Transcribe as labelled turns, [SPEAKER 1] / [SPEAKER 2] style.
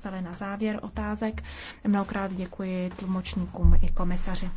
[SPEAKER 1] dostali na závěr otázek. Mnohokrát děkuji tlumočníkům i komisaři.